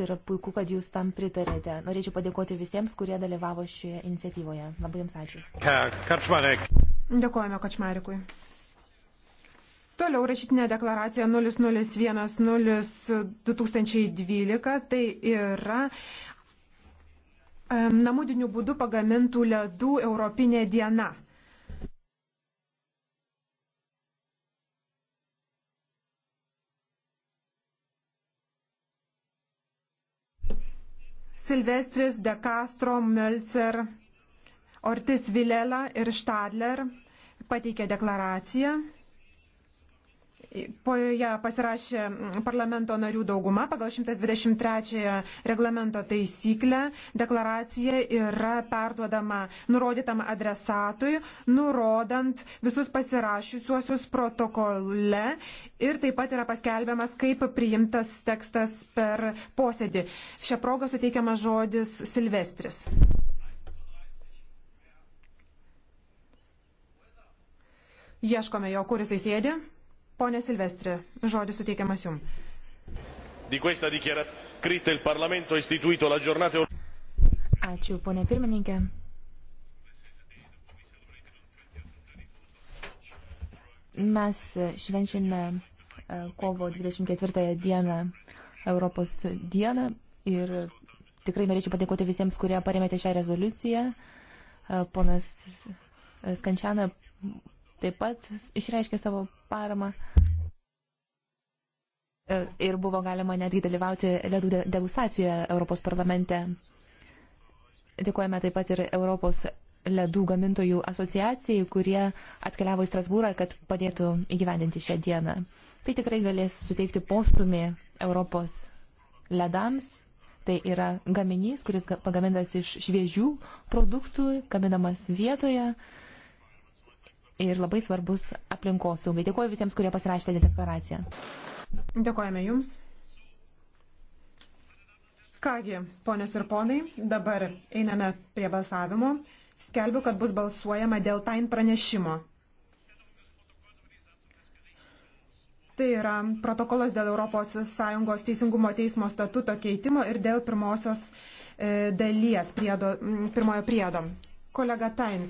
ir puiku, kad jūs tam pritarėte. Norėčiau padėkoti visiems, kurie dalyvavo šioje iniciatyvoje. Labai jums ačiū. Kačmarek. Dėkojame Kačmarekui. Toliau rašytinė deklaracija 0010-2012, tai yra namudinių būdų pagamintų ledų Europinė diena. Silvestris, De Castro, Mölzer, Ortis Vilela ir Stadler pateikė deklaraciją Po ją pasirašė mm, parlamento narių dauguma pagal 123 reglamento taisyklę. Deklaracija yra perduodama nurodytam adresatui, nurodant visus pasirašysiuosius protokole ir taip pat yra paskelbiamas kaip priimtas tekstas per posėdį. Šią progą suteikiamas žodis Silvestris. Ieškome jo, kuris jisai sėdi. Pone Silvestri, žodis suteikiamas jums. Di questa dichiarazione scritta il Parlamento ha istituito la giornata e Ačiū, ponė pirmininkė. Mes švenčiame e, kovo 24 dieną Europos dieną ir tikrai norėčiau padėkoti visiems, kurie paremėte šią rezoliuciją. E, ponas Skančiana taip pat išreiškė savo paramą. E, ir buvo galima netgi dalyvauti ledų degustacijoje Europos parlamente. Dėkojame taip pat ir Europos ledų gamintojų asociacijai, kurie atkeliavo į Strasbūrą, kad padėtų įgyvendinti šią dieną. Tai tikrai galės suteikti postumį Europos ledams. Tai yra gaminys, kuris pagamintas iš šviežių produktų, gaminamas vietoje ir labai svarbus aplinkosaugai. Dėkuoju visiems, kurie pasirašėte deklaraciją. Dėkojame Jums. Kągi, ponios ir ponai, dabar einame prie balsavimo. Skelbiu, kad bus balsuojama dėl tain pranešimo. Tai yra protokolas dėl ES teisingumo teismo statuto keitimo ir dėl pirmosios e, dalies priedo, pirmojo priedo. Kolega Tain,